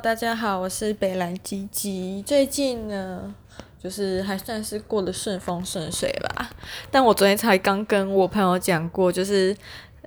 大家好，我是北蘭吉吉。最近呢，就是還算是過得順風順水吧。但我昨天才剛跟我朋友講過，就是。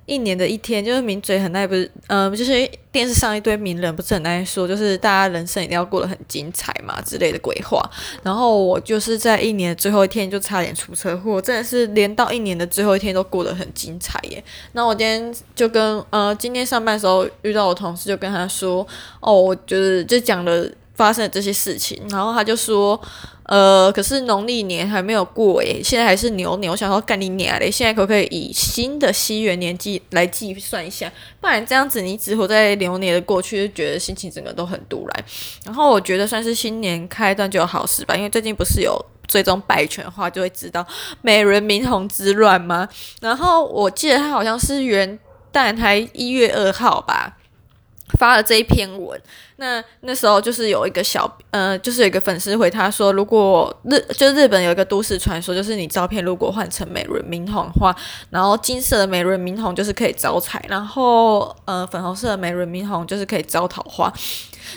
一年的一天，就是名嘴很耐不，不是，嗯，就是電視上一堆名人，不是很愛說，就是大家人生一定要過得很精彩嘛之類的鬼話。然後我就是在一年的最後一天就差點出車禍，真的是連到一年的最後一天都過得很精彩耶。那我今天就跟呃今天上班的時候遇到我的同事就跟他說，哦，我就是就講了。發生的這些事情，然後他就說，呃，可是農曆年還沒有過耶，現在還是牛年。我想說幹你娘嘞！現在可不可以以新的西元年紀來計算一下？不然這樣子你只活在牛年的過去，就覺得心情整個都很賭爛。然後我覺得算是新年開端就好事吧，因為最近不是有追蹤百全話就會知道美輪明宏之亂嗎？然後我記得他好像是元旦還一月二號吧，發了這一篇文，那那時候就是有一個小呃，就是有一個粉絲回他說，如果日就是、日本有一個都市傳說，就是你照片如果換成美輪明宏的話，然後金色的美輪明宏就是可以招財，然後呃粉紅色的美輪明宏就是可以招桃花。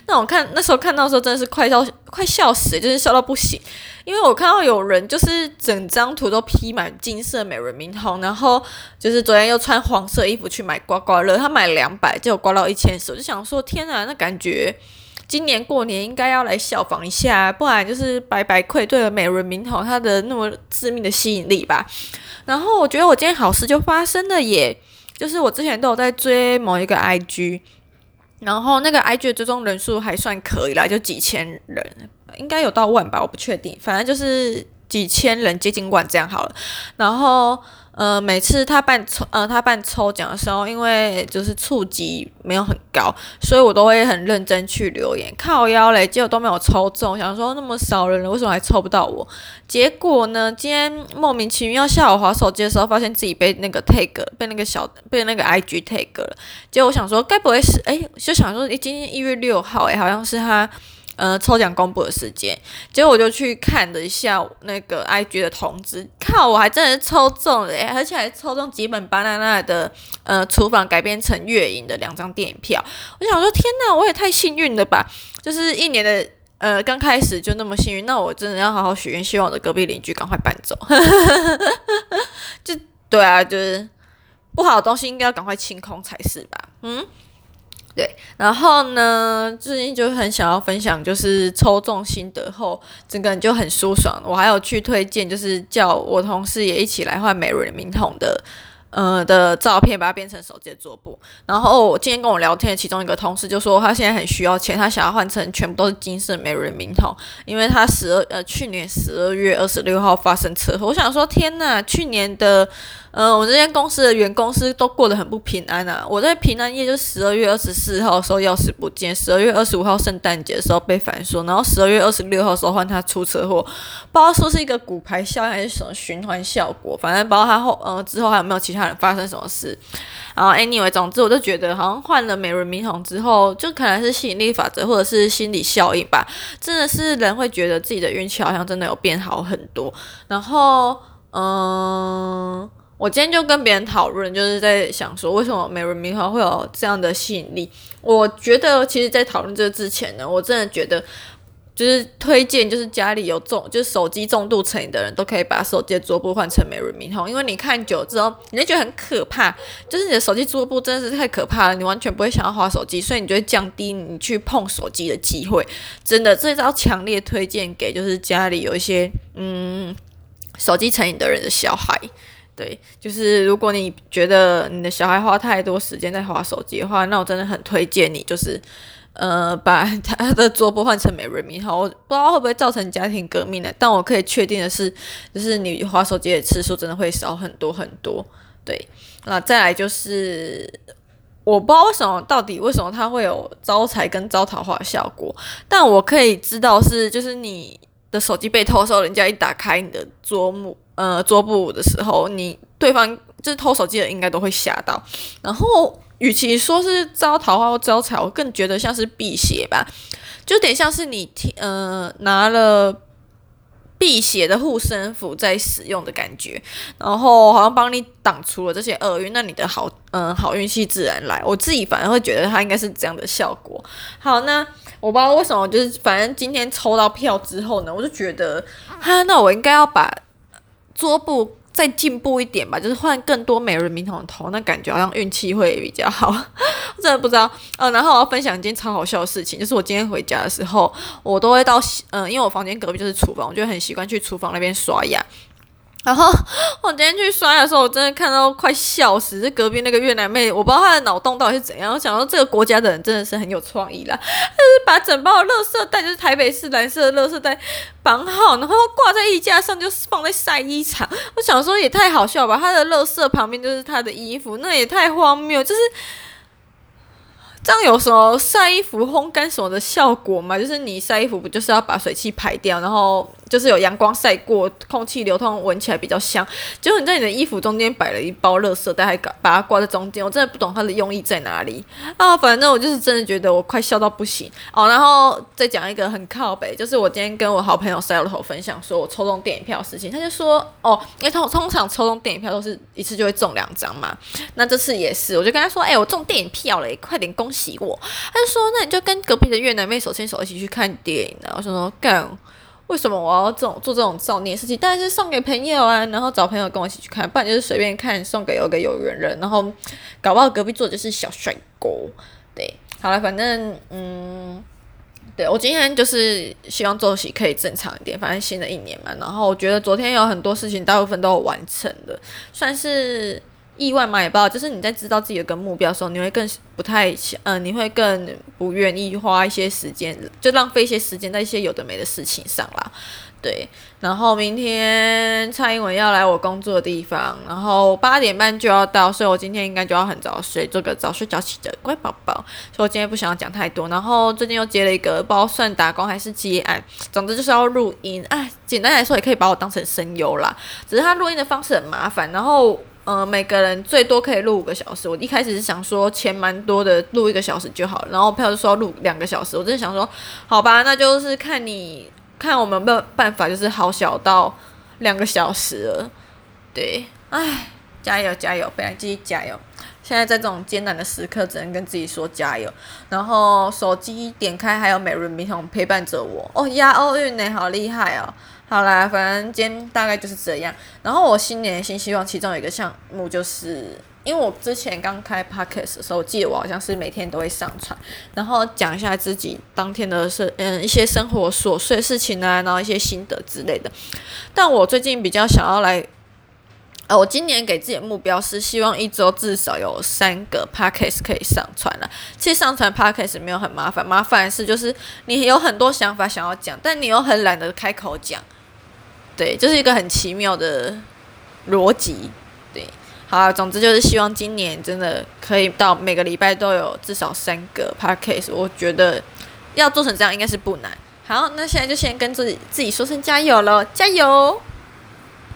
那我看那時候看到的時候真的是快笑快笑死，就是笑到不行，因為我看到有人就是整張圖都披滿金色美輪明宏，然後就是昨天又穿黃色衣服去買刮刮樂，他買兩百，結果刮到一千，所以我就想說天哪、啊，那感覺今年過年應該要來效仿一下，不然就是白白愧對了美輪明宏。他的那麼致命的吸引力吧。然後我覺得我今天好事就發生的，也就是我之前都有在追某一個 IG。然後那個 I G 追蹤人數還算可以啦，就幾千人，應該有到萬吧，我不確定。反正就是。幾千人，接近萬這樣好了。然後，嗯、呃、每次他辦抽，呃，他辦抽獎的時候，因為就是觸及沒有很高，所以我都會很認真去留言，靠腰咧，結果都沒有抽中。想說那麼少人了，為什麼還抽不到我？結果呢，今天莫名其妙下午划手機的時候，發現自己被那個 tag，被那個小，被那個 IG tag 了。結果我想說，該不會是，哎、欸，就想說今天一月六號、欸，哎，好像是他。呃，抽獎公布的時間，結果我就去看了一下那個 IG 的通知，靠，我還真的是抽中了、欸，而且還抽中吉本芭娜娜的呃，廚房改編成月影的兩張電影票。我想說，天哪、啊，我也太幸運了吧！就是一年的呃，剛開始就那麼幸運，那我真的要好好許願，希望我的隔壁鄰居趕快搬走。 就對啊，就是不好的東西應該要趕快清空才是吧？嗯。對，然後呢，最近就很想要分享，就是抽中心得後，整個人就很舒爽。我還有去推薦，就是叫我同事也一起來換美輪明宏的。呃、嗯、的照片，把它變成手機的桌布。然後今天跟我聊天的其中一個同事就說，他現在很需要錢，他想要換成全部都是金色美輪明宏，因為他十二呃去年十二月二十六號發生車禍。我想說，天吶，去年的呃我這間公司的員工是都過得很不平安啊。我在平安夜就十二月二十四號的時候鑰匙不見，十二月二十五號聖誕節的時候被反鎖，然後十二月二十六號的時候換他出車禍，不知道說是，是一個骨牌效應還是什麼循環效果，反正包括他後呃之後還有沒有其他。發生什麼事？然後 anyway，總之，我就覺得好像換了美輪明宏之後，就可能是吸引力法則，或者是心理效應吧。真的是人會覺得自己的運氣好像真的有變好很多。然後，嗯，我今天就跟別人討論，就是在想說，為什麼美輪明宏會有這樣的吸引力？我覺得，其實在討論這個之前呢，我真的覺得。就是推薦，就是家裡有重，就是手機重度成癮的人都可以把手機的桌布換成美輪明宏，因為你看久了之後，你就覺得很可怕。就是你的手機桌布真的是太可怕了，你完全不會想要滑手機，所以你就會降低你去碰手機的機會。真的，這招強烈推薦給就是家裡有一些嗯手機成癮的人的小孩。對，就是如果你覺得你的小孩花太多時間在滑手機的話，那我真的很推薦你就是。呃，把他的桌布換成美輪明宏，我不知道會不會造成家庭革命呢？但我可以確定的是，就是你滑手機的次數真的會少很多很多。對，那、啊、再來就是，我不知道為什麼到底為什麼它會有招財跟招桃花的效果，但我可以知道是，就是你的手機被偷之後，人家一打開你的桌木呃桌布的時候，你對方。這偷手機的應該都會嚇到，然後與其說是招桃花或招財，我更覺得像是辟邪吧，就有點像是你嗯、呃、拿了辟邪的護身符在使用的感覺，然後好像幫你擋除了這些厄運，那你的好嗯、呃、好運氣自然來。我自己反而會覺得它應該是這樣的效果。好，那我不知道為什麼，就是反正今天抽到票之後呢，我就覺得哈，那我應該要把桌布。再進步一點吧，就是換更多美輪明宏的頭，那感覺好像運氣會比較好。我真的不知道，嗯，然後我要分享一件超好笑的事情，就是我今天回家的時候，我都會到，嗯，因為我房間隔壁就是廚房，我就很習慣去廚房那邊刷牙。然後我今天去刷牙的時候，我真的看到快笑死，這隔壁那個越南妹，我不知道她的腦洞到底是怎樣，我想說這個國家的人真的是很有創意啦。是把整包的垃圾袋，就是台北市藍色的垃圾袋，綁好，然後掛在衣架上，就放在曬衣場。我想說也太好笑吧，他的垃圾旁邊就是他的衣服，那也太荒謬。就是這樣有什麼曬衣服、烘乾什麼的效果嘛？就是你曬衣服不就是要把水汽排掉，然後？就是有陽光曬過，空氣流通，聞起來比較香。結果你在你的衣服中間擺了一包垃圾袋，但還把它掛在中間，我真的不懂它的用意在哪裡。啊，反正我就是真的覺得我快笑到不行哦。然後再講一個很靠北，就是我今天跟我好朋友 Sailor 分享說我抽中電影票的事情，他就說哦，因為通通常抽中電影票都是一次就會中兩張嘛，那這次也是，我就跟他說，哎、欸，我中電影票了，快點恭喜我。他就說，那你就跟隔壁的越南妹手牽手一起去看電影啊。然後我說，幹。為什麼我要這種做這種造孽的事情？當然是送給朋友啊，然後找朋友跟我一起去看，不然就是隨便看，送給有個有緣人。然後搞不好隔壁坐的就是小帥哥，對，好了，反正嗯，對，我今天就是希望作息可以正常一點，反正新的一年嘛。然後我覺得昨天有很多事情，大部分都完成的，算是。意外買包，就是你在知道自己有個目標的時候，你會更不太想，嗯、呃，你會更不願意花一些時間，就浪費一些時間在一些有的沒的事情上啦。對，然後明天蔡英文要來我工作的地方，然後八點半就要到，所以我今天應該就要很早睡，做個早睡早起的乖寶寶。所以我今天不想要講太多，然後最近又接了一個，包，算打工還是接案，總之就是要錄音。哎，簡單來說，也可以把我當成聲優啦，只是他錄音的方式很麻煩，然後。嗯、呃，每個人最多可以錄五個小時。我一開始是想說錢蠻多的，錄一個小時就好，然後朋友說錄兩個小時，我真的想說，好吧，那就是看你看我們有沒有辦法，就是好小到兩個小時了。對，哎，加油加油，被愛繼續加油。現在在這種艱難的時刻，只能跟自己說加油。然後手機點開，還有美輪明宏陪伴着我。哦呀，奧運呢，好厲害哦。好啦，反正今天大概就是這樣。然後我新年新希望，其中有一個項目就是，因為我之前剛開 podcast 的時候，我記得我好像是每天都會上傳，然後講一下自己當天的事，嗯，一些生活瑣碎事情啊，然後一些心得之類的。但我最近比較想要來，呃、啊，我今年給自己的目標是希望一周至少有三個 podcast 可以上傳了。其實上傳 podcast 沒有很麻煩，麻煩是就是你有很多想法想要講，但你又很懶得開口講。對，就是一個很奇妙的邏輯。對，好，總之就是希望今年真的可以到每個禮拜都有至少三個 podcast，我覺得要做成這樣應該是不難。好，那現在就先跟自自己說聲加油嘍，加油！